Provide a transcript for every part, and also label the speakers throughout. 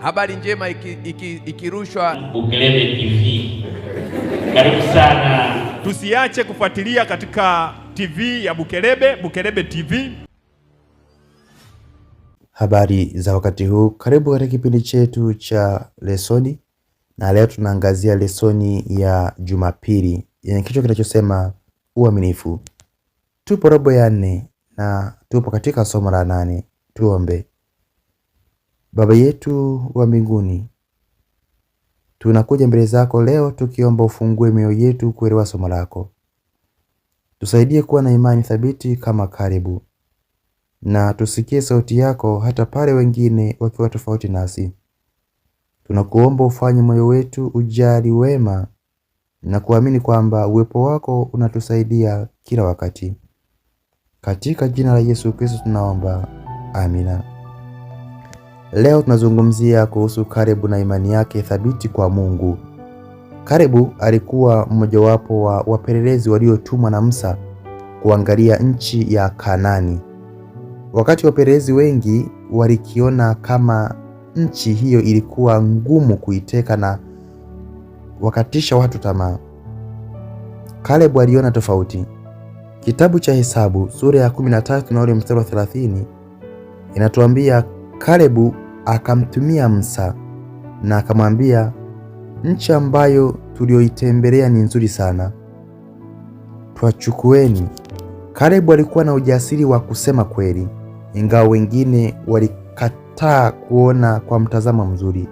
Speaker 1: Habari njema ikirushwa iki, iki
Speaker 2: Bukelebe TV. Karibu sana,
Speaker 3: tusiache kufuatilia katika TV ya Bukelebe, Bukelebe TV.
Speaker 4: Habari za wakati huu, karibu katika kipindi chetu cha lesoni, na leo tunaangazia lesoni ya Jumapili yenye kichwa kinachosema uaminifu. Tupo robo ya nne na tupo katika somo la nane. Tuombe. Baba yetu wa mbinguni, tunakuja mbele zako leo tukiomba ufungue mioyo yetu kuelewa somo lako. Tusaidie kuwa na imani thabiti kama Kalebu, na tusikie sauti yako hata pale wengine wakiwa tofauti nasi. Tunakuomba ufanye moyo wetu ujali wema na kuamini kwamba uwepo wako unatusaidia kila wakati. Katika jina la Yesu Kristo tunaomba, amina. Leo tunazungumzia kuhusu Kalebu na imani yake thabiti kwa Mungu. Kalebu alikuwa mmojawapo wa wapelelezi waliotumwa na Musa kuangalia nchi ya Kanaani. Wakati wapelelezi wengi walikiona kama nchi hiyo ilikuwa ngumu kuiteka na wakatisha watu tamaa, Kalebu aliona tofauti. Kitabu cha Hesabu sura ya 13 na ule mstari wa 30 inatuambia Kalebu akamtumia Musa na akamwambia, nchi ambayo tuliyoitembelea ni nzuri sana, twachukueni. Kalebu alikuwa na ujasiri wa kusema kweli, ingawa wengine walikataa kuona kwa mtazamo mzuri.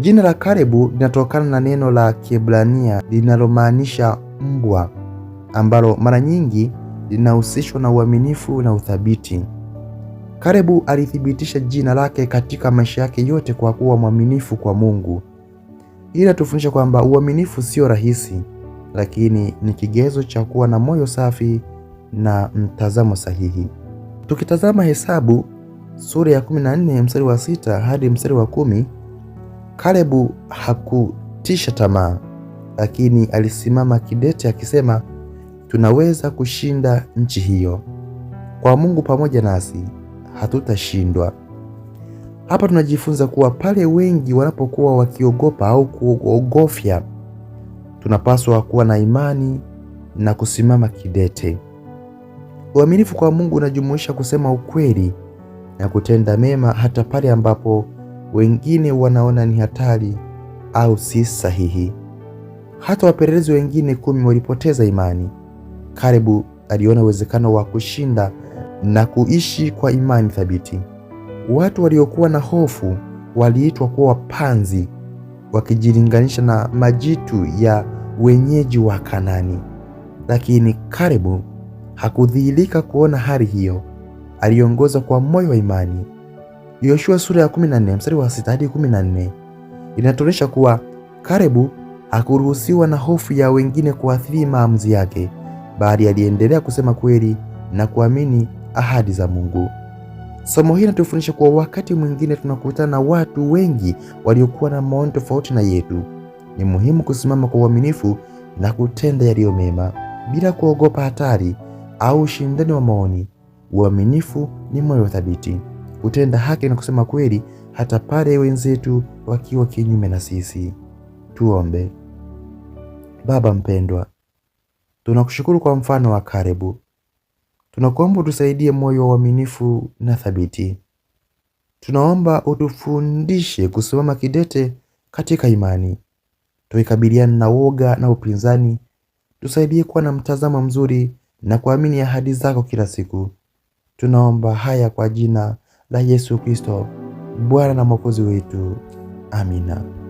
Speaker 4: Jina la Kalebu linatokana na neno la Kiebrania linalomaanisha mbwa, ambalo mara nyingi linahusishwa na uaminifu na uthabiti. Karebu alithibitisha jina lake katika maisha yake yote kwa kuwa mwaminifu kwa Mungu. Hii inatufundisha kwamba uaminifu sio rahisi, lakini ni kigezo cha kuwa na moyo safi na mtazamo sahihi. Tukitazama Hesabu sura ya 14 mstari wa sita hadi mstari wa kumi, Karebu hakutisha tamaa, lakini alisimama kidete akisema, tunaweza kushinda nchi hiyo kwa Mungu pamoja nasi hatutashindwa. Hapa tunajifunza kuwa pale wengi wanapokuwa wakiogopa au kuogofya, tunapaswa kuwa na imani na kusimama kidete. Uaminifu kwa Mungu unajumuisha kusema ukweli na kutenda mema hata pale ambapo wengine wanaona ni hatari au si sahihi. Hata wapelelezi wengine kumi walipoteza imani. Kalebu aliona uwezekano wa kushinda na kuishi kwa imani thabiti. Watu waliokuwa na hofu waliitwa kuwa wapanzi, wakijilinganisha na majitu ya wenyeji wa kanani Lakini Kalebu hakudhihirika kuona hali hiyo, aliongoza kwa moyo wa imani. Yoshua sura ya 14 mstari wa 6 hadi 14 inatuonyesha kuwa Kalebu hakuruhusiwa na hofu ya wengine kuathiri maamuzi yake, bali aliendelea kusema kweli na kuamini ahadi za Mungu. Somo hili linatufundisha kuwa wakati mwingine tunakutana na watu wengi waliokuwa na maoni tofauti na yetu. Ni muhimu kusimama kwa uaminifu na kutenda yaliyo mema bila kuogopa hatari au ushindani wa maoni. Uaminifu ni moyo wa thabiti, kutenda haki na kusema kweli hata pale wenzetu wakiwa kinyume na sisi. Tuombe. Baba mpendwa, tunakushukuru kwa mfano wa Kalebu Tunakuomba utusaidie moyo wa uaminifu na thabiti. Tunaomba utufundishe kusimama kidete katika imani, tukikabiliana na woga na upinzani. Tusaidie kuwa na mtazamo mzuri na kuamini ahadi zako kila siku. Tunaomba haya kwa jina la Yesu Kristo, Bwana na Mwokozi wetu. Amina.